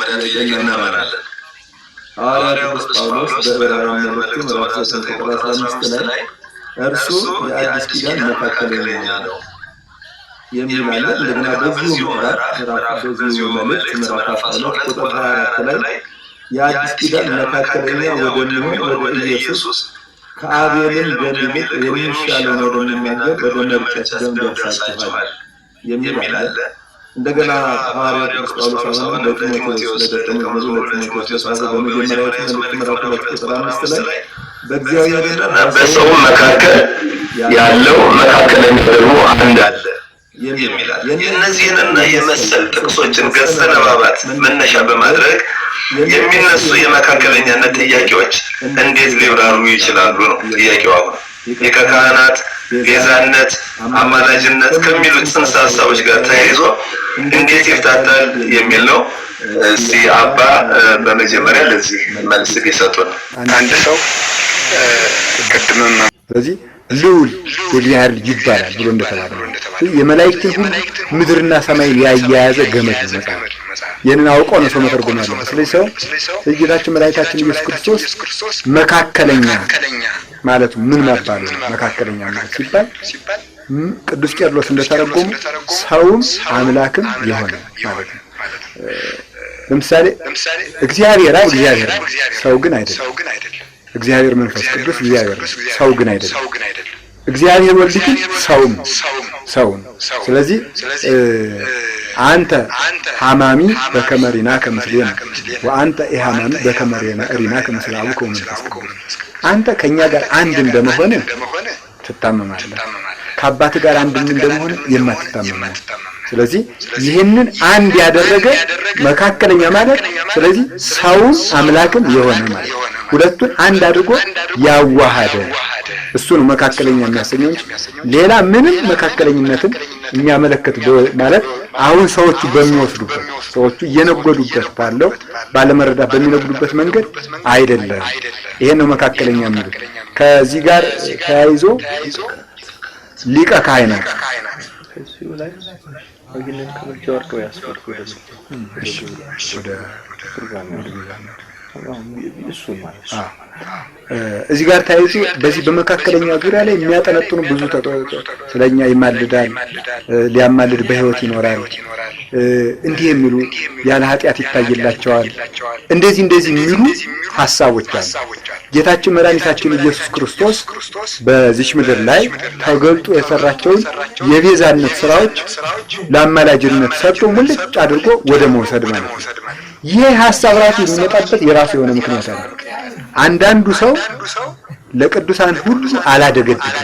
መጀመሪያ ጥያቄ እናመራለን። ሐዋርያው ቅዱስ ጳውሎስ በዕብራውያን መልእክቱ ምዕራፍ ሶስት ቁጥር አስራ አምስት ላይ እርሱ የአዲስ ኪዳን መካከለኛ ነው የሚል እንደገና በዚሁ በዚሁ መልእክት ምዕራፍ አስራ ሁለት ቁጥር ሀያ አራት ላይ የአዲስ ኪዳን መካከለኛ ወደሚሆን ወደ ኢየሱስ ከአቤልን ደም ይልቅ ነው ወደሚናገር ወደ መርጫት ደም ደርሳችኋል እንደገና ሐዋርያ ቅዱስ ጳውሎስ አሁን ለጢሞቴዎስ ለደቀመዙ ለጢሞቴዎስ ምዕራፍ ሁለት ቁጥር አምስት ላይ መካከል ያለው መካከለኛ ደግሞ አንድ አለ የሚላል። የእነዚህንና የመሰል ጥቅሶችን ገጸ ለማብራራት መነሻ በማድረግ የሚነሱ የመካከለኛነት ጥያቄዎች እንዴት ሊብራሩ ይችላሉ ነው ጥያቄው። አሁን ሊቀ ቤዛነት፣ አማላጅነት ከሚሉት ጽንሰ ሀሳቦች ጋር ተያይዞ እንዴት ይፍታታል የሚል ነው። እስቲ አባ በመጀመሪያ ለዚህ መልስ ቢሰጡን። አንድ ሰው ቅድምም ስለዚህ ልዑል የእግዚአብሔር ልጅ ይባላል ብሎ እንደተባለ የመላእክትን ሁሉ ምድርና ሰማይን ያያያዘ ገመድ ይመጣል። መጽሐፍ። ይህንን አውቀው ነው ሰው መተርጎም ያለው። ስለዚህ ሰው ጌታችን መላእክታችን ኢየሱስ ክርስቶስ መካከለኛ ማለት ምን መባል ነው? መካከለኛ ማለት ሲባል ቅዱስ ቄርሎስ እንደተረጎሙ ሰውም አምላክም የሆነ ማለት ነው። ለምሳሌ እግዚአብሔር አብ እግዚአብሔር ነው፣ ሰው ግን አይደለም። እግዚአብሔር መንፈስ ቅዱስ እግዚአብሔር ነው፣ ሰው ግን አይደለም። እግዚአብሔር ወልድ ግን ሰው ነው፣ ሰው ነው። ስለዚህ አንተ ሐማሚ በከመሪና ከምስሌ ነው ወአንተ ኢሐማሚ በከመሪና ሪና ከምስላቡ ከመንፈስ ቅዱስ አንተ ከኛ ጋር አንድ እንደመሆን ትታመማለህ፣ ከአባት ጋር አንድ እንደመሆን የማትታመማለህ። ስለዚህ ይህንን አንድ ያደረገ መካከለኛ ማለት ስለዚህ ሰውን አምላክም የሆነ ማለት ሁለቱን አንድ አድርጎ ያዋሃደ እሱ ነው መካከለኛ የሚያሰኘው እንጂ ሌላ ምንም መካከለኝነትን የሚያመለክት ማለት አሁን ሰዎቹ በሚወስዱበት ሰዎቹ እየነጎዱበት ባለው ባለመረዳት በሚነጉዱበት መንገድ አይደለም። ይሄን ነው መካከለኛ የሚሉት። ከዚህ ጋር ተያይዞ ሊቀ ካህናት ወደ ፕሮግራም ፕሮግራም ወደ እዚህ ጋር ተያይዞ በዚህ በመካከለኛ ዙሪያ ላይ የሚያጠነጥኑ ብዙ ስለኛ ይማልዳል፣ ሊያማልድ በህይወት ይኖራል፣ እንዲህ የሚሉ ያለ ኃጢአት ይታይላቸዋል፣ እንደዚህ እንደዚህ የሚሉ ሀሳቦች አሉ። ጌታችን መድኃኒታችን ኢየሱስ ክርስቶስ በዚች ምድር ላይ ተገልጦ የሰራቸውን የቤዛነት ስራዎች ለአማላጅነት ሰጥቶ ሙልጭ አድርጎ ወደ መውሰድ ማለት ነው። ይህ ሀሳብ ራሱ የሚመጣበት የራሱ የሆነ ምክንያት አለ። አንዳንዱ ሰው ለቅዱሳን ሁሉ አላደገድግም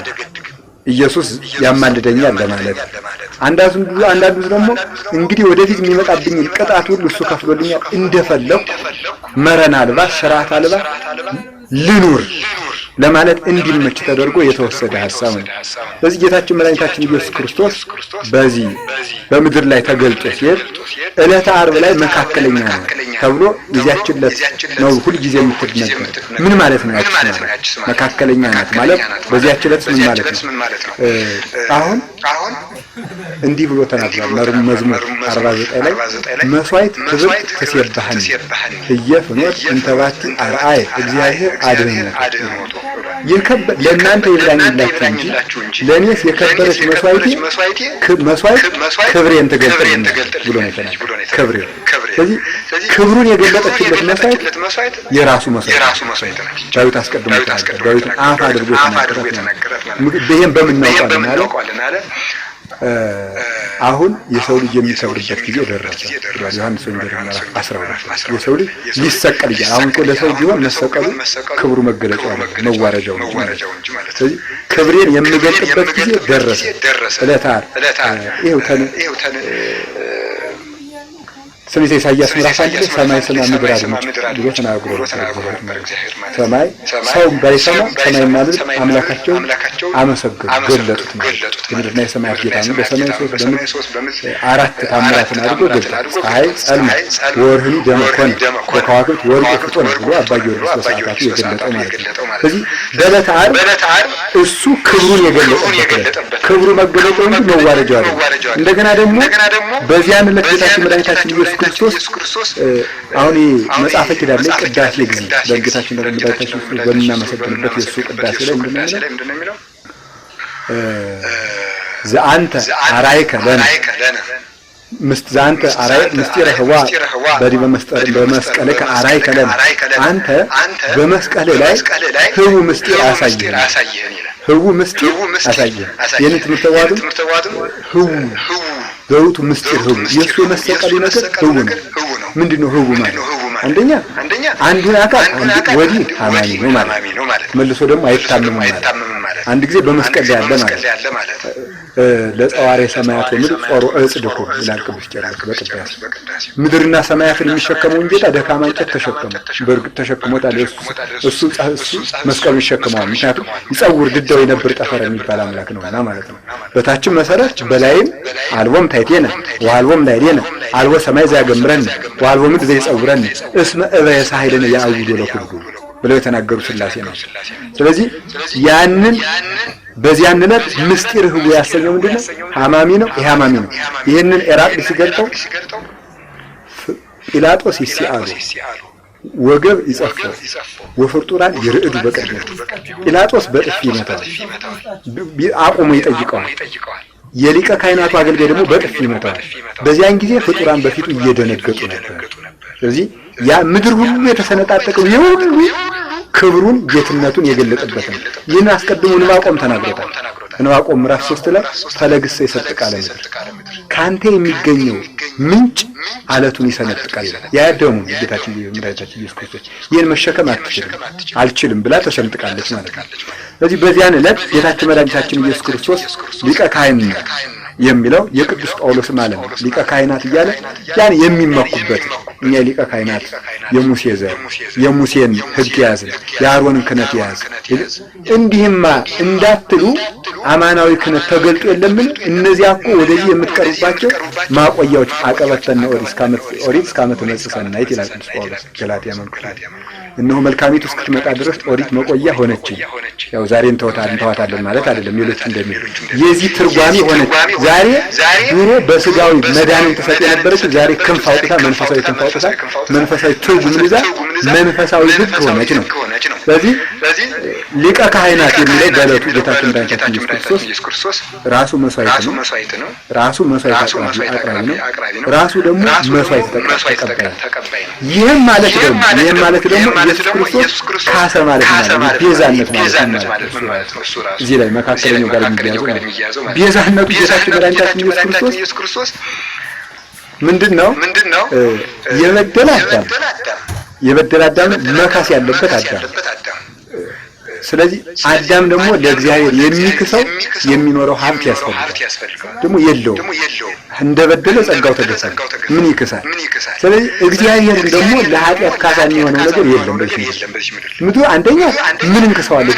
ኢየሱስ ያማልደኛል ለማለት አንዳንዱ አንዳንዱ ደግሞ እንግዲህ ወደፊት የሚመጣብኝን ቅጣት ሁሉ እሱ ከፍሎልኛል እንደፈለኩ መረን አልባ ስርዓት አልባ Linur. Linur. ለማለት እንዲመች ተደርጎ የተወሰደ ሀሳብ ነው። በዚህ ጌታችን መድኃኒታችን ኢየሱስ ክርስቶስ በዚህ በምድር ላይ ተገልጦ ሲሄድ ዕለተ ዓርብ ላይ መካከለኛ ነው ተብሎ ጊዜያችን ዕለት ነው ሁልጊዜ የምትድነገር ምን ማለት ነው? ያችን ማለት መካከለኛ ናት ማለት በዚያችን ዕለት ምን ማለት ነው? አሁን አሁን እንዲህ ብሎ ተናግሯል። መዝሙር 49 ላይ መስዋዕት ክብርት ትሴብሐኒ እየ ፍኖት እንተባቲ አርአየ እግዚአብሔር አድኅኖቱ ለእናንተ ይብራኝላችሁ እንጂ ለእኔስ የከበረች መስዋዕቴ መስዋዕት ክብሬን ትገልጥልኛለች ብሎ ነው የተናገረው። ክብሬ ስለዚህ ክብሩን የገለጠችለት መስዋዕት የራሱ መስዋዕት ነው። ዳዊት አስቀድሞ ተናገረ። ዳዊት አፍ አድርጎ ተናገረ። ይህም በምን እናውቀዋለን አለ አሁን የሰው ልጅ የሚሰውርበት ጊዜ ደረሰ ይላል ዮሐንስ ወንጌል ምዕራፍ 12 የሰው ልጅ ሊሰቀል ይላል። አሁን እኮ ለሰው ቢሆን መሰቀሉ ክብሩ መገለጫው ነው፣ መዋረጃው ነው እንጂ ማለት ነው። ክብሬን የምገልጥበት ጊዜ ደረሰ። ዕለታር ይኸው ተነ ስለዚህ ኢሳይያስ ምዕራፍ አንድ ላይ ሰማይ ምድር አድምጥ ብሎ ተናግሮ ነበር። ሰማይ ሰውም በሰማ ሰማይና ምድር አምላካቸው አመሰገኑ ገለጡት ማለት የምድርና የሰማያት ጌታ ነው። በሰማይ ሶስት በምድር አራት ታምራትን አድርጎ ገለጠ። ፀሐይ ጸልማ ወርህን ደመ ኮነ ወርቅ ወርቁ ነው ብሎ አባ ጊዮርጊስ በሰዓታቱ የገለጠው ማለት ነው። ስለዚህ በዕለተ ዓርብ እሱ ክብሩን የገለጠበት ክብሩ መገለጫው እንጂ መዋረጃው አይደለም። እንደገና ደግሞ በዚያን ዕለት ጌታችን መድኃኒታችን ኢየሱስ ክርስቶስ አሁን መጽሐፈ ኪዳን ላይ ቅዳሴ ጊዜ በጌታችን ለመድኃኒታችን ክርስቶስ በምናመሰግንበት የእሱ ቅዳሴ ላይ ምንድን ነው የሚለው? ዘአንተ አራይከ ለነ ዘአንተ ምስጢረ ህዋ በዲበ በመስቀል ከአራይ ከለም አንተ በመስቀል ላይ ህው ምስጢር አሳየን ህው ምስጢር አሳየን። ይህን ትምህርት ተዋድም ህቡ ዘውቱ ምስጢር ህቡ የእሱ የመሰቀል ነገር ህቡ ነው። ምንድን ነው ህቡ ማለት? አንደኛ አንዱን አካል ወዲህ ታማሚ ነው ማለት መልሶ ደግሞ አይታመም ማለት አንድ ጊዜ በመስቀል ላይ ያለ ማለት ነው። ለጸዋሬ ሰማያት ወምድር ጾሮ እጽድኩም ይላል ቅዱስ ቄራቅ በቅዳሴ ምድርና ሰማያትን የሚሸከመውን ጌታ ደካማ እንጨት ተሸከሙ። በእርግጥ ተሸክሞታል። እሱ እሱ መስቀሉን ይሸክመዋል። ምክንያቱም ይጸውር ድዳው የነብር ጠፈር የሚባል አምላክ ነውና ማለት ነው። በታችም መሰረች በላይም አልቦም ታይቴነ ወአልቦም ላዕሌነ አልቦ ሰማይ ዘያገምረን ወአልቦ ምድር ዘይጸውረን እስመ እበ የሳህለነ የአውዶ ለኩልጉ ብለው የተናገሩ ስላሴ ነው። ስለዚህ ያንን በዚያ ዕለት ምስጢር ህቡ ያሰኘው ምንድን ነው? ሀማሚ ነው። ይህ ሀማሚ ነው። ይህንን ኤራቅ ሲገልጠው ጲላጦስ ይሲአሉ ወገብ ይጸፈው ወፍርጡራን ይርዕዱ በቀደቱ ጲላጦስ በጥፊ ይመታዋል፣ አቁሞ ይጠይቀዋል። የሊቀ ካህናቱ አገልጋይ ደግሞ በጥፊ ይመታዋል። በዚያን ጊዜ ፍጡራን በፊቱ እየደነገጡ ነበር። ስለዚህ ያ ምድር ሁሉ የተሰነጣጠቀው የሁሉ ክብሩን ጌትነቱን የገለጠበት ነው። ይህን አስቀድሞ ዕንባቆም ተናግሮታል። ዕንባቆም ምዕራፍ ሶስት ላይ ፈለግሰ ይሰጥቃለ ምድር ከአንተ የሚገኘው ምንጭ አለቱን ይሰነጥቃል። ያ ደሙ ጌታችን መድኃኒታችን ኢየሱስ ክርስቶስ ይህን መሸከም አትችልም አልችልም ብላ ተሰንጥቃለች ማለት ነው። ስለዚህ በዚያን ዕለት ጌታችን መድኃኒታችን ኢየሱስ ክርስቶስ ሊቀ ካህን ነው የሚለው የቅዱስ ጳውሎስ ማለት ነው። ሊቀ ካህናት እያለ ያን የሚመኩበት እኛ ሊቀ ካህናት የሙሴ ዘር የሙሴን ሕግ ያዝን የአሮንን ክህነት ያዝ እንዲህማ እንዳትሉ አማናዊ ክህነት ተገልጦ የለምን? እነዚያ እኮ ወደዚህ የምትቀርቡባቸው ማቆያዎች አቀበተነ ኦሪት እስከ ዓመተ መጽእ ሰናይት ይላል ቅዱስ ጳውሎስ ገላትያ መልእክቱ። እነሆ መልካሚቱ እስክትመጣ ድረስ ኦሪት መቆያ ሆነች። ያው ዛሬ እንተዋታለን ማለት አይደለም። ሌሎች እንደሚሉ የዚህ ትርጓሜ ሆነች። ዛሬ ዛሬ በስጋዊ መዳንን ተሰጥ የነበረች ዛሬ ክንፍ አውጥታ መንፈሳዊ ክንፍ መንፈሳዊ መንፈሳዊ ትርጉምን ይዛ መንፈሳዊ ሕግ ሆነች ነው። ስለዚህ ሊቀ ካህናት የሚለው ገለቱ ጌታችን መድኃኒታችን ኢየሱስ ክርስቶስ ራሱ መስዋዕት ነው። ራሱ መስዋዕት አቅራቢ ነው። ራሱ ደግሞ መስዋዕት ተቀባይ ነው። ይህም ማለት ደግሞ ይህም ማለት ደግሞ ኢየሱስ ክርስቶስ ካሰ ማለት ማለት ቤዛነት ማለት ማለት ነው። እሱ ራሱ እዚህ ላይ መካከለኛው ጋር የሚያዘው ቤዛነቱ ጌታችን መድኃኒታችን ኢየሱስ ክርስቶስ ምንድን ነው የበደለ አዳም የበደለ አዳም መካስ ያለበት አዳም። ስለዚህ አዳም ደግሞ ለእግዚአብሔር የሚክሰው የሚኖረው ሀብት ያስፈልጋል፣ ደግሞ የለውም። እንደበደለ ጸጋው ተገሰጸ። ምን ይክሳል? ስለዚህ እግዚአብሔር ደግሞ ለኃጢአት ካሳ የሚሆነው ነገር የለም በዚህ ምድር። ምድር አንደኛ ምን እንክሰዋለሁ?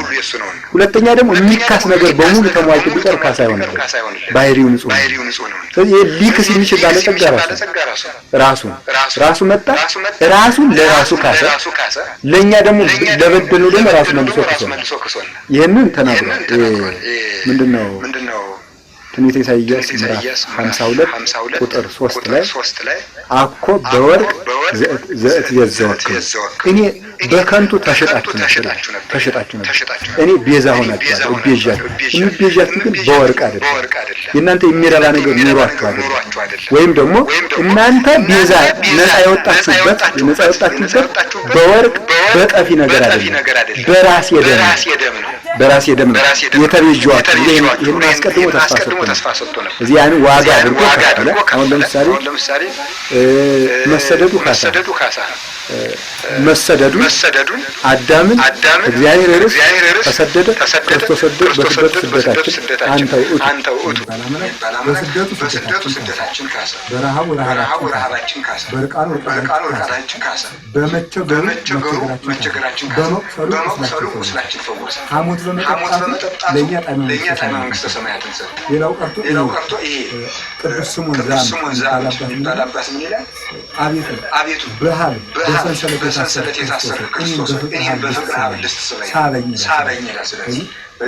ሁሉ የሱ ነው። ሁለተኛ ደግሞ የሚካስ ነገር በሙሉ ተሟልቶ ቢቀር ካሳ ይሆናል። ባህሪው ንጹህ ነው። ስለዚህ ይሄ ሊክስ የሚችል ጸጋ ራሱ ራሱ ራሱ መጣ ራሱ ለራሱ ካሰ፣ ለእኛ ደግሞ ለበደሉ ደግሞ ራሱ መልሶ ክሶ ይህንን ተናግሯል። ምንድን ነው ትንቢተ ኢሳይያስ ምዕራፍ 52 ቁጥር 3 ላይ አኮ በወርቅ ዘእት የዘወክሙ እኔ በከንቱ ተሸጣችሁ ነበር፣ እኔ ቤዛ ሆናችኋለሁ እቤዣለሁ። እምቤዣችሁ ግን በወርቅ አይደለም፣ የእናንተ የሚረባ ነገር ኑሯችሁ አይደለም። ወይም ደግሞ እናንተ ቤዛ ነፃ የወጣችሁበት ነፃ የወጣችሁበት በወርቅ በጠፊ ነገር አይደለም፣ በራስ የደም ነው በራሴ ደም ነው የተቤዠኋት ይህን አስቀድሞ ተስፋ ሰጥቶ ነበር። እዚህ ያንን ዋጋ አድርጎ አሁን ለምሳሌ መሰደዱ ካሳ መሰደዱ መሰደዱን አዳምን እግዚአብሔር ርስ ተሰደደ ክርስቶስ በስደቱ ስደታችን አንተው እቱ በስደቱ ስደታችን ካሳ በረሃቡ ረሃባችን ካሳ በርቃኑ ርቃናችን ካሳ በመቸገሩ መቸገራችን ካሳ በመቁሰሉ ቁስላችን ፈወሰ። በመጠጣቱ ለእኛ ጣዕመ መንግስተ ሰማያትን ሰጠ። ሌላው ቀርቶ ይሄ ቅዱስ ስምዖን ዘአብድ የሚባል ምን ይላል? አቤቱ በሃል በሰንሰለት የታሰረ ክርስቶስ እኔን በፍቅር ሀብል ስበኝ ሳበኝ ይላል። ስለዚህ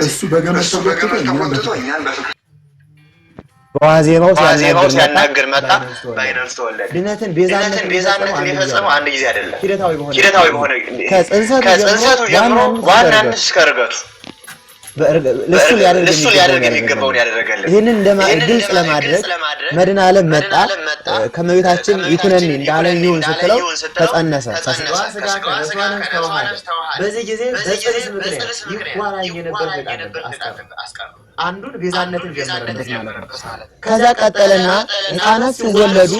እሱ በገመድ ተቆጥቶ እኛን በፍቅር በዋዜማው ሲያናግር መጣ። ባይነርስ ተወለደ። ድነትን ቤዛነትን የፈጸመው አንድ ጊዜ አይደለም፣ ሂደታዊ በሆነ ከጽንሰቱ ጀምሮ ዋናነት እስከ ርገቱ ለሱ ሊያደርግ የሚገባውን ያደረገልን ይህንን ግልጽ ለማድረግ መድን አለም መጣ። ከመቤታችን ይኩነኒ እንዳለ ይሁን ስትለው ተጸነሰ። በዚህ ጊዜ በጽርስ ምክንያት አንዱን ቤዛነትን ጀመረበት ማለት ነው። ከዛ ቀጠለና ህፃናት ሲወለዱ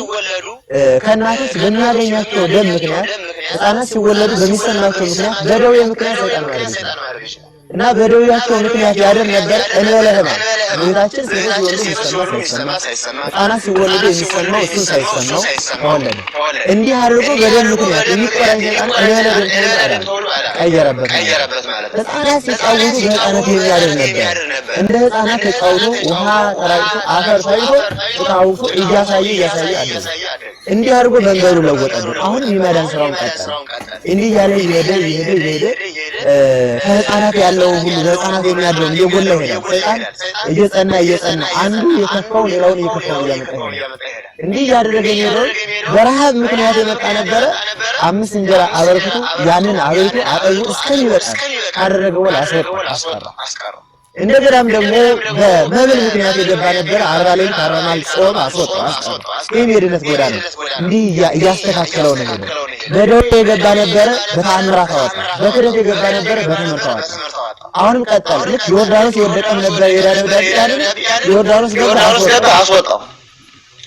ከእናቶች በሚያገኛቸው ደም ምክንያት ህፃናት ሲወለዱ በሚሰማቸው ምክንያት በደዌ ምክንያት ሰይጣን ይችላል። እና በደዌያቸው ምክንያት ያደር ነበር እንበለ ህማም ቤታችን ሴቶች ወልዱ የሚሰማ ሳይሰማ፣ ህጻናት ሲወለዱ የሚሰማው እሱን ሳይሰማው ተወለደ። እንዲህ አድርጎ በደም ምክንያት የሚቆራኝ ህጻን እንበለ ደም ተብሎ ቀየረበት ማለት ነው። ህጻናት ሲጫወቱ በህጻናት የሚያደር ነበር። እንደ ህጻናት ተጫውቶ ውሃ ጠራቅቶ አፈር ሳይቶ ተጫውቶ እያሳየ እያሳየ አደረ። እንዲህ አድርጎ መንገዱ ለወጠሉ። አሁን የማዳን ስራውን ቀጠለ። እንዲህ ያለ ይሄደ ይሄደ ይሄደ ከህፃናት ያለው ሁሉ ህፃናት የሚያድረው እየጎላ ይሄዳል። ህፃን እየጸና እየጸና አንዱ የከፋው ሌላውን እየከፋው እያመጣ ይሄዳል። እንዲህ ያደረገ ይሄዳል። በረሃብ ምክንያት የመጣ ነበረ። አምስት እንጀራ አበርክቶ ያንን አበርክቶ አጠይቆ እስከሚበቃ ካደረገው ላይ አስወጣ አስቀራ እንደገናም ደግሞ በመብል ምክንያት የገባ ነበር። አርባ ሌሊት አርባ መዓልት ጾም አስወጣ ይህም የድነት ጎዳ ነው። እንዲህ እያስተካከለው ነው ሄደ። በደዌ የገባ ነበረ፣ በተአምራት አወጣ። በክደት የገባ ነበረ፣ በትምህርት አወጣ። አሁንም ቀጠለ። ልክ ዮርዳኖስ የወደቀም ነበር። የዳነ ዳቢያንን ዮርዳኖስ ገባ አስወጣ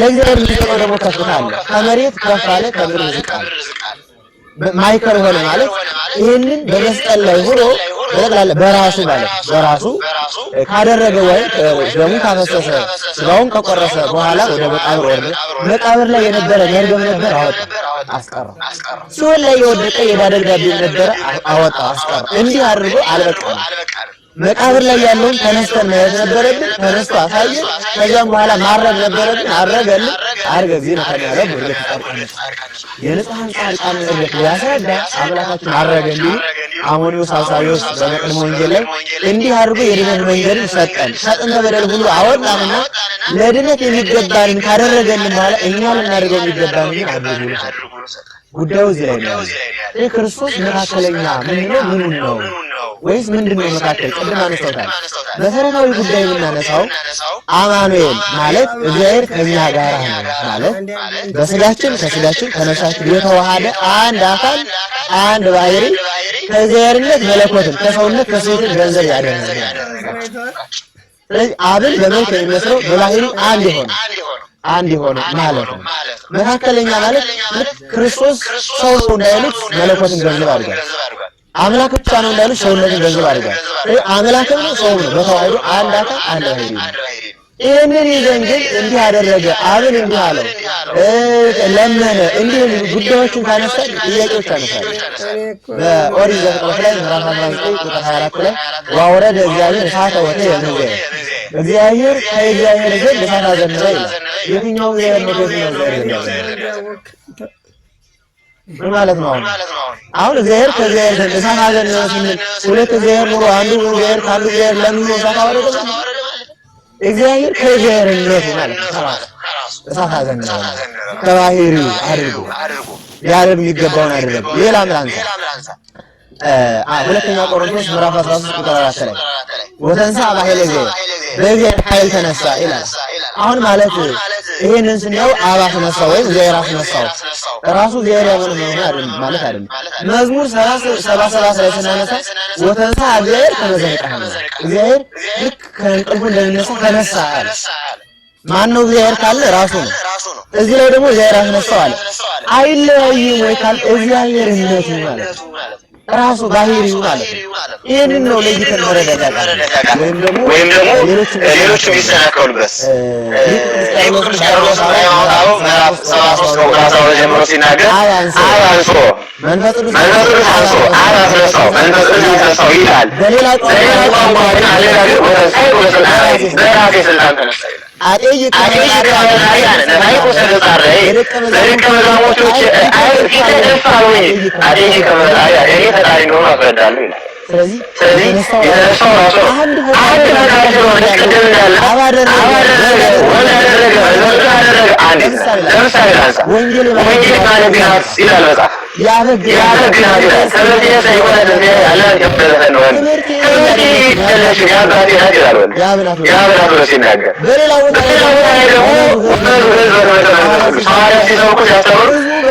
ለእግዚአብሔር የሚሰጠው ደግሞ ከፍታ አለ። ከመሬት ከፍ አለ፣ ከብር ዝቅ አለ። ማይከል ሆነ ማለት ይህንን በመስቀል ላይ ሆኖ በጠቅላላ በራሱ ማለት በራሱ ካደረገ ወይም ደሙ ካፈሰሰ ስጋውን ከቆረሰ በኋላ ወደ መቃብር ወርደ መቃብር ላይ የነበረ መርገም ነበር አወጣ አስቀረ። ሲኦል ላይ የወደቀ የዕዳ ደብዳቤ ነበረ አወጣ አስቀረ። እንዲህ አድርጎ አልበቃም። መቃብር ላይ ያለውን ተነስተን መያዝ ነበረብን። ተነስቶ አሳየ። ከዚያም በኋላ ማረግ ነበረብን። አረገል አርገ ዜና ተደረብ ወደ ተጣጣነ የንጹሃን ጻድቃን እርገት ያስረዳ አምላካችን አረገ እንዲሁ አሞኒዮስ አሳዊዮስ በመቅድመ ወንጌል ላይ እንዲህ አድርጎ የድነት መንገድን ሰጠን። ሰጥን በደል ሁሉ አወጣንና ለድነት የሚገባንን ካደረገልን በኋላ እኛ ልናደርገው የሚገባንን አድርጉ ጉዳዩ እዚህ ላይ ነው። ይህ ክርስቶስ መካከለኛ ምን ነው ምኑን ነው ወይስ ምንድን ነው መካከል? ቅድም አነሳውታል። መሰረታዊ ጉዳይ የምናነሳው አማኑኤል ማለት እግዚአብሔር ከኛ ጋር ነው ማለት በስጋችን ከስጋችን ከነፍሳችን የተዋሃደ አንድ አካል አንድ ባህሪ ከእግዚአብሔርነት መለኮትን ከሰውነት ከሴትን ገንዘብ ያደረገ ስለዚህ አብን በመልክ የሚመስለው በባህሪው አንድ የሆነ አንድ የሆነ ማለት ነው። መካከለኛ ማለት ክርስቶስ ሰው ሰው እንዳይሉት መለኮትን ገንዘብ አድርጓል። አምላክ ብቻ ነው እንዳሉ ሰውነትን ገንዘብ አድርጓል። አምላክም ነው ሰው ነው በተዋህዶ አንድ አካል አንድ ባህሪ ነው። ይህንን ይዘን ግን እንዲህ አደረገ አብን እንዲህ አለው ለመነ እንዲህ ጉዳዮችን ካነሳ ጥያቄዎች አነሳል። በኦሪት ዘፍጥረት ላይ ምዕራፍ 19 ቁጥር 24 ላይ ወአውረደ እግዚአብሔር እሳተ ወተየ ምድረ እግዚአብሔር ከእግዚአብሔር ዘንድ እሳት አዘነበለ ይላል። የትኛው ነው? ከየትኛው ነው? ማለት ነው? አሁን እግዚአብሔር ከእግዚአብሔር ዘንድ እሳት ሀገር ነው ስንል ሁለት እግዚአብሔር ኑሮ አንዱ እግዚአብሔር ከአንዱ እግዚአብሔር ለምን እሳት አወረደ? እግዚአብሔር ማለት እሳት ነው ከባህሪው አድርጎ ያደርግ የሚገባውን አደረገ። ሌላ ምን ሁለተኛ ቆሮንቶስ ምዕራፍ 13 ቁጥር 4 ላይ ወተንሳ በኃይለ እግዚአብሔር በእግዚአብሔር ኃይል ተነሳ ይላል። አሁን ማለት ይሄንን ስናየው አባት አስነሳው ወይም እግዚአብሔር ራሱ ነሳው። ራሱ እግዚአብሔር ያመነ መሆኑ አይደለም ማለት አይደለም። መዝሙር 77 ላይ ስናነሳ ወተንሳ እግዚአብሔር ከመዘንቀህ እግዚአብሔር ልክ ከእንቅልፉ እንደነሳ ተነሳ አለ። ማን ነው እግዚአብሔር ካለ ራሱ ነው። እዚህ ላይ ደግሞ እግዚአብሔር ራሱ አለ። አይለያይም ወይ ካለ እግዚአብሔርነቱ ማለት ራሱ ባህሪውን አለ። ይህንን ነው ለይተን መረዳዳት ወይም ደግሞ ሌሎች የሚሰናከሉበት ቅዱስ ጳውሎስ ምዕራፍ ሰባ ሦስት ከቁጥር ጀምሮ ሲናገር አብ አንሶ መንፈስ ቅዱስ አንሶ አብ አስነሳው መንፈስ ቅዱስ አስነሳው ይላል። በሌላ ቋንቋ ግን አነጋገር በራሴ ስልጣን ተነሳ ይላል። አጠይቅ ከመዛሙርቶች ፊት ደፋ ወይ ፈጣሪ እንደሆነ አስረዳለሁ ሲናገር በሌላ ላይ ደግሞ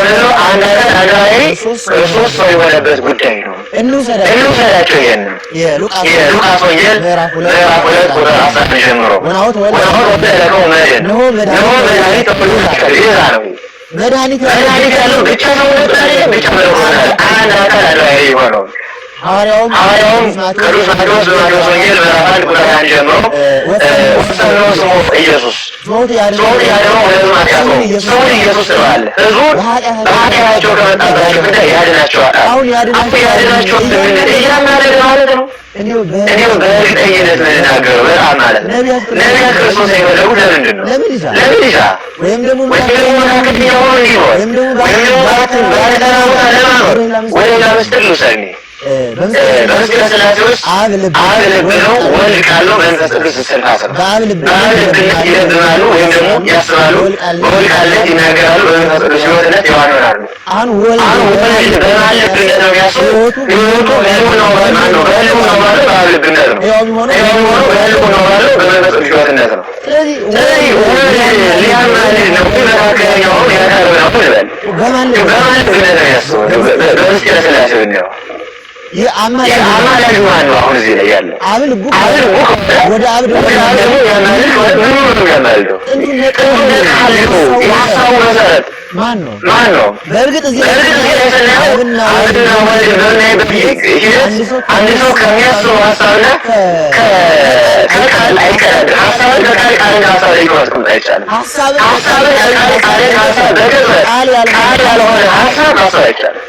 ሆነ አንድ አካል አዳሪ ሰው የሆነበት ጉዳይ ነው። እንውሰዳቸው። ይሄን የሉቃስ ወንጌል ምዕራፍ ሁለት ቁጥር አስራ ጀምሮ ወናሁት ወለደከው መድን ንሆ መድኃኒት ቤዛ ነው መድኃኒት ያለው ብቻ ነው ብቻ ነው አንድ አካል አዳሪ የሆነው ሐዋርያውም ቅዱስ ማቴዎስ በማቴዎስ ወንጌል ምዕራፍ አንድ ቁጥር አንድ ጀምሮ ወሰነው ስሙ ኢየሱስ ጾት ያደረው ወለማት ያዕቆብ ስሙን ኢየሱስ ትለዋለህ። ሕዝቡን በኃጢአታቸው ከመጣባቸው ክደህ ያድናቸዋል። አሁን ያድናቸው እንግዲህ እያናደደ ማለት ነው። እኔው በእርግጠኝነት የምንናገረው በጣም ማለት ነው። ነቢያት ክርስቶስ የፈለጉት ለምንድን ነው? ለምን ይዛ ወይም ደግሞ ክድያ ሆኖ እንዲሆን ወይም ደግሞ ባለተራ ቦታ ለማኖር ወደ ሌላ ምስጢር ልውሰድኒ በመስቀል ስላሴዎች አብ ልብ ነው፣ ወልድ ቃል መንፈስ ቅዱስ እስትንፋስ በአብ ልብ ይደምማሉ ወይም ደግሞ ያስባሉ፣ በወልድ ቃልነት ይናገራሉ፣ በመንፈስ ቅዱስ ሕይወትነት የዋን አሁን ወልድ በማለት ነው ያሱ ሕይወቱ በህልሙ ነው ማለው በህልሙ ነው ማለው በአብ ልብነት ነው። ያው ቢሆነ በህልሙ ነው ማለው በመንፈስ ቅዱስ ሕይወትነት ነው። ስለዚህ ወልድ ሊያማልድ ነው የአማላጅ ማን ላይ ያለው አብል ቡክ ወደ ያልሆነ ሀሳብ ማሰብ አይቻልም።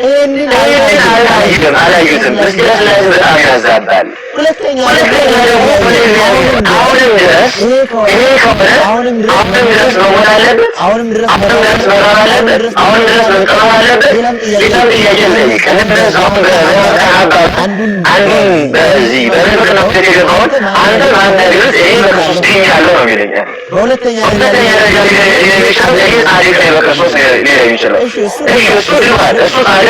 አይልም አላዩትም። እስኪ ለስላሴ በጣም ያዛባል። ሁለተኛ ደግሞ አሁንም ድረስ ይሄ ከሆነ አሁንም ድረስ መሆን አለበት። አሁንም ድረስ መኖር አለበት። አሁንም ድረስ መቀመር አለበት። ሌላም ጥያቄ ከነበረስ አሁን ከአባት አንዱን በዚህ በንብ ክናፍር የገባውን አንተ ማንተ ድረስ ይሄ በክርስቶስ ድኝ ያለው ነው ይለኛል። በሁለተኛ ደረጃ ሌላ የሚችለው እሱ ድዋል እሱ ጻድቅ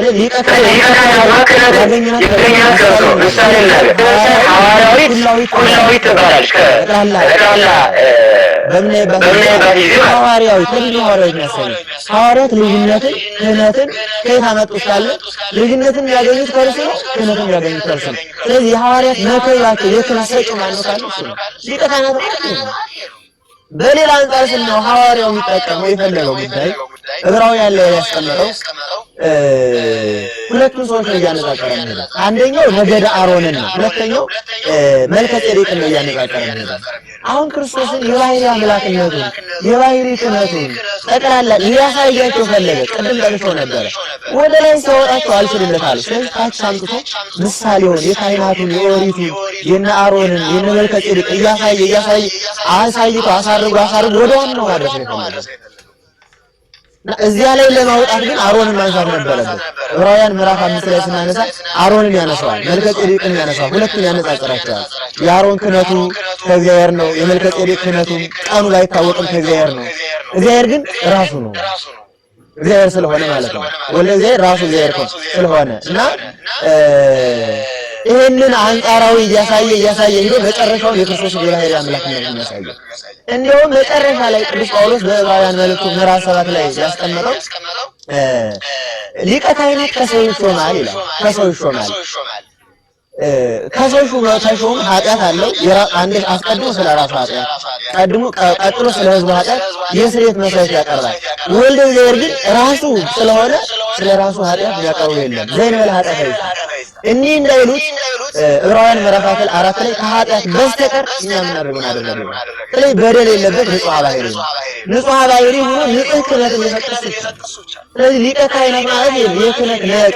ሐዋርያት ልዩነትን ክህነትን ከየት አመጡ ስላለ ልዩነትን ያገኙት ከእርሱ ነው፣ ክህነትን ያገኙት ከእርሱ ነው። ስለዚህ የሐዋርያት መክብላቸው የክህነት ሰጪ ማነው ካለ እሱ ነው። ሊቀ ካህናት በሌላ አንጻር ስናየው ሐዋርያው የሚጠቀመው የፈለገው ጉዳይ ዕብራውያን ላይ ያስቀመጠው ሁለቱን ሰዎች ነው እያነጻጸረ የሚሄደው። አንደኛው ነገደ አሮንን ነው፣ ሁለተኛው መልከ ጼዴቅን ነው እያነጻጸረ የሚሄደው። አሁን ክርስቶስን የባህሪ አምላክነቱን የባህሪ ክህነቱን ጠቅላላ ሊያሳያቸው ፈለገ። ቅድም ጠቅሼው ነበረ። ወደ ላይ ሲያወጣቸው አልችልለታል። ስለዚህ ታች አምጥቶ ምሳሌውን የካህናቱን የኦሪቱን የነ አሮንን የነ መልከ ጼዴቅ እያሳየ እያሳየ አሳይቶ አሳርጎ አሳርጎ ወደ ነው ማድረስ ነው የፈለገው እዚያ ላይ ለማውጣት ግን አሮንን ማንሳት ነበረበት። ዕብራውያን ምዕራፍ አምስት ላይ ስናነሳ አሮንን ያነሳዋል፣ መልከ ጼዴቅን ያነሳዋል። ሁለቱን ያነጻጽራቸዋል። የአሮን ክህነቱ ከእግዚአብሔር ነው። የመልከ ጼዴቅ ክህነቱ ቀኑ ባይታወቅም ከእግዚአብሔር ነው። እግዚአብሔር ግን ራሱ ነው እግዚአብሔር ስለሆነ ማለት ነው። ወልደ እግዚአብሔር ራሱ እግዚአብሔር ስለሆነ እና ይህንን አንጻራዊ እያሳየ እያሳየ ሄዶ መጨረሻውን የክርስቶስ ጎላ ሄዳ አምላክነት የሚያሳየው እንዲሁም መጨረሻ ላይ ቅዱስ ጳውሎስ በዕብራውያን መልእክቱ ምዕራፍ ሰባት ላይ ያስቀመጠው ሊቀ ካህናት ከሰው ይሾማል ይላል። ከሰው ይሾማል ከሰው ሹመ ተሾም ኃጢአት አለው። አንድ አስቀድሞ ስለ ራሱ ኃጢአት፣ ቀድሞ ቀጥሎ ስለ ህዝቡ ኃጢአት የስሬት መስዋዕት ያቀርባል። ወልደ እግዚአብሔር ግን ራሱ ስለሆነ ስለ ራሱ ኃጢአት ያቀርበው የለም። ዘይን በላ ኃጢአት አይሻል እንዲህ እንዳይሉት ዕብራውያን ምዕራፍ አራት ላይ ከኃጢአት በስተቀር እኛ የምናደርገውን አደረግን። ስለዚህ በደል የለበት ንጹሕ ባህሪ ነው። ንጹሕ ባህሪ ሆኖ ንጽሕ ክህነት እየፈጠሱ ስለዚህ ሊቀ ካህናት ማለት የክህነት ነቅ፣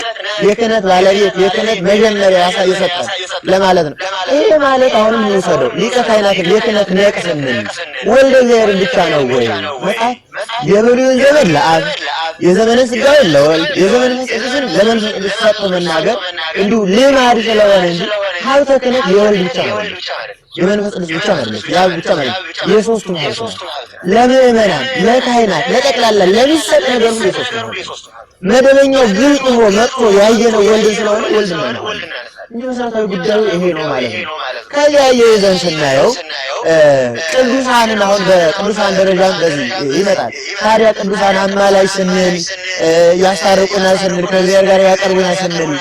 የክህነት ባለቤት፣ የክህነት መጀመሪያ ያሳ የሰጠን ለማለት ነው። ይሄ ማለት አሁንም እንውሰደው ሊቀ ካህናት የክህነት ነቅ ስንል ወልደ እግዚአብሔር ብቻ ነው ወይ መጽሐፍ የብሉይን ዘመን ለአብ የዘመነ ሥጋዌን ለወልድ የዘመነ ቅዱስን ለመንፈስ ቅዱስ ሰጥቶ መናገር እንዲሁ ልማድ ስለሆነ እንጂ ሀብተ ክህነት የወልድ ብቻ ማለት የመንፈስ ቅዱስ ብቻ ማለት የአብ ብቻ ማለት የሶስቱ ነው። ለምዕመናን፣ ለካህናት፣ ለጠቅላላ ለሚሰጥ ነገር ሁሉ የሶስቱ ሀብት መደበኛው ግን ሆኖ መጥቶ ያየነው ወልድ ስለሆነ ወልድ ነው። እንዲሁ መሰረታዊ ጉዳዩ ይሄ ነው ማለት ነው። ከዚያ የይዘን ስናየው ቅዱሳንን አሁን በቅዱሳን ደረጃ በዚህ ይመጣል። ታዲያ ቅዱሳን አማላይ ስንል ያስታርቁናል ስንል ከእግዚአብሔር ጋር ያቀርቡና ስንል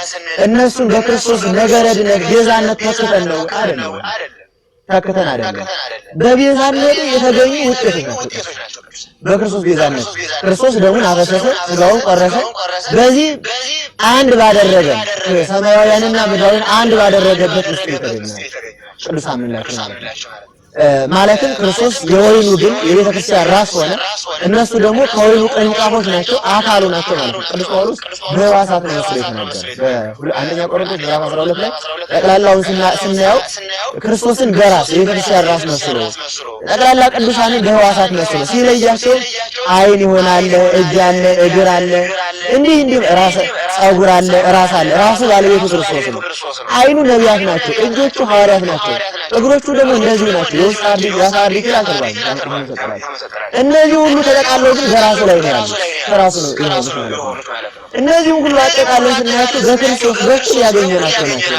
እነሱን በክርስቶስ ነገረድነት ቤዛነት ተክተን ነው አይደለም? ተክተን አይደለም። በቤዛነት የተገኙ ውጤቶች ናቸው። በክርስቶስ ቤዛነት ክርስቶስ ደሙን አፈሰሰ፣ ስጋውን ቆረሰ። በዚህ አንድ ባደረገ ሰማያውያንና ምድራውያን አንድ ባደረገበት ውስጥ የተገኘ ቅዱሳን ምንላቸው ማለት ነው። ማለትም ክርስቶስ የወይኑ ግን የቤተ ክርስቲያን ራስ ሆነ። እነሱ ደግሞ ከወይኑ ቅርንጫፎች ናቸው፣ አካሉ ናቸው ማለት ነው። ቅዱስ ጳውሎስ በሕዋሳት ነው መስሎ የተናገረ አንደኛ ቆሮንቶስ ምዕራፍ 12 ላይ ጠቅላላውን ስናየው ክርስቶስን በራስ የቤተ ክርስቲያን ራስ መስሎ፣ ጠቅላላ ቅዱሳንን በሕዋሳት መስሎ ሲለያቸው አይን ይሆናል፣ እጅ አለ፣ እግር አለ፣ እንዲህ እንዲህ ራስ ጸጉር አለ፣ ራስ አለ። ራሱ ባለቤቱ ክርስቶስ ነው። አይኑ ነቢያት ናቸው፣ እጆቹ ሐዋርያት ናቸው፣ እግሮቹ ደግሞ እንደዚህ ናቸው። የወሳሪክ አቅርባል። እነዚህ ሁሉ ተጠቃለው ግን በራሱ ላይ ነው ያሉት፣ በራሱ ነው የሆኑት ማለት ነው። እነዚህ ሁሉ አጠቃለው ስናያቸው በክርስቶስ በኩል ያገኘናቸው ናቸው።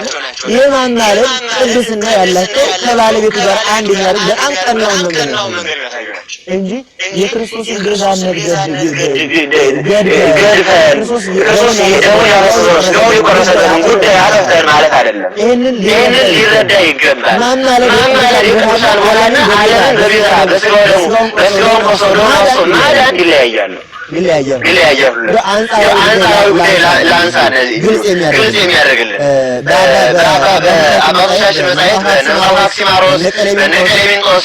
የማማለድ ቅድስና ያላቸው ከባለቤቱ ጋር አንድ የሚያደርግ በጣም ቀናውን መንገድ ነው እንጂ የክርስቶስን ቤዛነት ክርስቶስ የቆረሰለትን ሊረዳ ይገባል። ማማለድ ካልሆነ አገርን በቤዛ በስጋውን ከሰው ማዳን ይለያያሉ አንጻራዊ ጉዳይ ለአንሳ ግልጽ የሚያደርግልን በአባቶቻችን መጻሕፍት በነብሰ ማክሲማሮስ በነቀሌሜንጦስ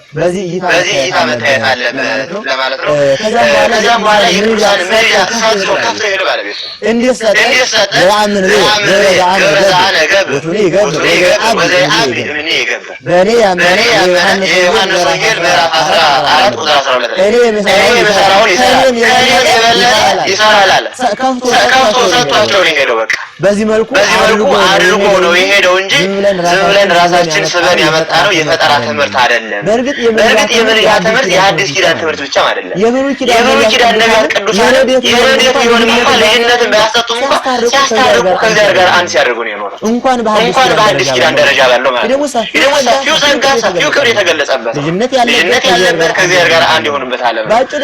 በዚህ እይታ መታየት አለበት ለማለት ነው። ከዛም በኋላ ለአምን ይገብር በእኔ ያመነ የዮሐንስ ወንጌል ምዕራፍ አስራ አራት ቁጥር አስራ ሁለት እኔ የምሰራውን ይሰራል፣ ከፍቶ ሰጥቷቸው ነው የሄደው በቃ በዚህ መልኩ አድርጎ ነው የሄደው እንጂ ዝም ብለን ራሳችን ስበን ያመጣ ነው የፈጠራ ትምህርት አይደለም። በእርግጥ የመሪያ ትምህርት የአዲስ ኪዳን ትምህርት ብቻ አይደለም። የብሉይ ኪዳን ነቢያት፣ ቅዱሳን የረዴት ቢሆንም እንኳ ልዩነትን ባያሰጡም እንኳ ሲያስታርቁ ከእግዚአብሔር ጋር አንድ ሲያደርጉ ነው የኖረ እንኳን እንኳን በአዲስ ኪዳን ደረጃ ባለው ማለት ነው። ደግሞ ሰፊው ጸጋ ሰፊው ክብር የተገለጸበት ልዩነት ያለበት ከእግዚአብሔር ጋር አንድ የሆንበት አለም ባጭሩ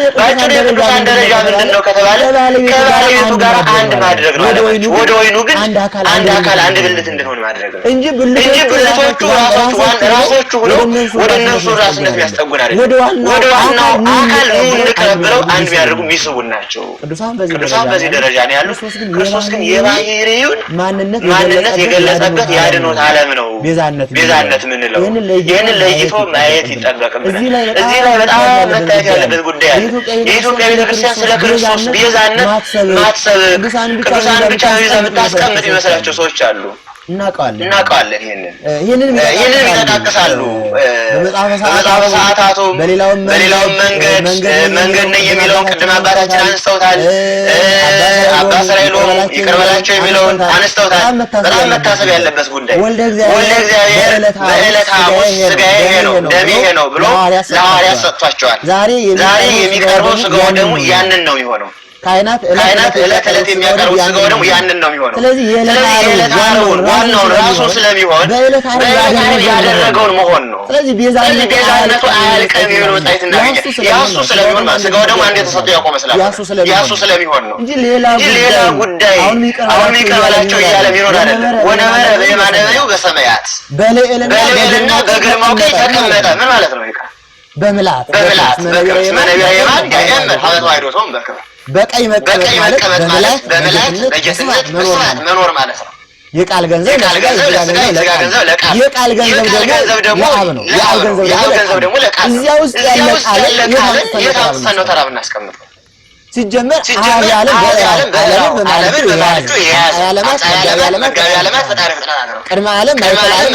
የቅዱሳን ደረጃ ምንድን ነው ከተባለ ከባለቤቱ ጋር አንድ ማድረግ ነው ወደ ወይኑ ግን አንድ አካል አንድ ብልት እንደሆነ ማድረግ ነው እንጂ ብልቶቹ ራሶቹ ሁነው ወደ እነሱ ራስነት የሚያስጠጉን አይደለም። ወደ ዋናው አካል ኑ እንቅረብ አንድ የሚያደርጉ የሚስቡን ናቸው። ቅዱሳን በዚህ ደረጃ ነው ያሉት። ክርስቶስ ግን የባህሪውን ማንነት የገለጸበት የአድኖት ዓለም ነው ቤዛነት ምንለው። ይህንን ለይቶ ማየት ይጠበቅብናል። እዚህ ላይ በጣም መታየት ያለበት ጉዳይ አለ። የኢትዮጵያ ቤተክርስቲያን ስለ ክርስቶስ ቤዛነት ማትሰብ ቅዱሳን ብቻ ቤዛ የሚያስቀምጥ የሚመስላቸው ሰዎች አሉ። እናቀዋለን እናውቀዋለን። ይህንን ይህንን ይጠቃቅሳሉ። በመጽሐፈ ሰዓታቱም በሌላውም መንገድ መንገድ ነው የሚለውን ቅድም አባታችን አንስተውታል። አባ ስራኤሎም ይቅር በላቸው የሚለውን አንስተውታል። በጣም መታሰብ ያለበት ጉዳይ ወልደ እግዚአብሔር በዕለተ ሐሙስ ስጋዬ ይሄ ነው ደሜ ይሄ ነው ብሎ ለሐዋርያት ሰጥቷቸዋል። ዛሬ የሚቀርበው ስጋው ደግሞ ያንን ነው የሚሆነው ካህናት ዕለት ዕለት የሚያቀርቡት ስጋው ደግሞ ያንን ነው የሚሆነው። ስለዚህ የዕለት ዓርቡን ዋናውን ራሱ ስለሚሆን በዕለት ዓርብ ያደረገውን መሆን ነው። ስለዚህ ቤዛነቱ አያልቅም የሚሆነው ጣይትና ያሱ ስለሚሆን ስጋው ደግሞ አንዴ ተሰጥቶ ያቆመ ስላለ ያሱ ስለሚሆን ነው እንጂ ሌላ ጉዳይ አሁን ይቀበላቸው እያለ የሚኖር አይደለም። ወነበረ በሰማያት በልዕልና በግርማው ቀኝ ተቀመጠ። ምን ማለት ነው? በምልአት በምልአት መነቢያ የማን ያየምር አይዶቶም በክብር በቀይ መቀመጥ ማለት በመላእክት በጌትነት መኖር ማለት ነው። የቃል ገንዘብ የቃል ገንዘብ ደግሞ ለአብ ነው። የአብ ገንዘብ ደግሞ ለቃል ነው። እዚያ ውስጥ ያለ ቃል ነው። የተራብ እናስቀምጠው ሲጀመር ዓለም በማለቱ ፈጣሪ ቅድመ ዓለም ማዕከለ ዓለም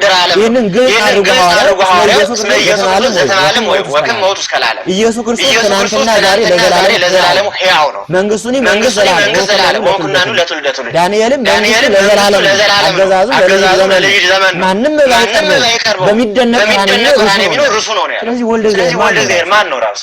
ድኅረ ዓለም ይህንን ግልጽ አድርጎ ኢየሱስ ኢየሱስ ክርስቶስ ትናንትና ዛሬ ለዘላለም ሕያው ነው። መንግስቱኒ መንግሥት ዘላለም ዳንኤልም መንግሥቱ ለዘላለም አገዛዙ ለልጅ ዘመን ማንም ባይቀርበው በሚደነቅ ብርሃን ነው። ስለዚህ ወልደ ማን ነው ራሱ?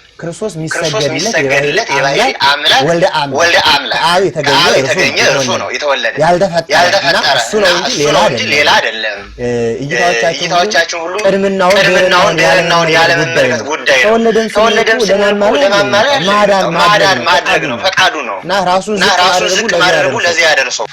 ክርስቶስ የሚሰገድለት የባሕርይ አምላክ ወልደ አምላክ የተገኘ እርሱ ነው የተወለደ እሱ ነው እንጂ ሌላ አይደለም። እይታዎቻችን ሁሉ ቅድምናውን ጉዳይ ነው። ማዳን ማድረግ ነው፣ ፈቃዱ ነው ራሱን ዝቅ ማድረጉ ያደርሰው።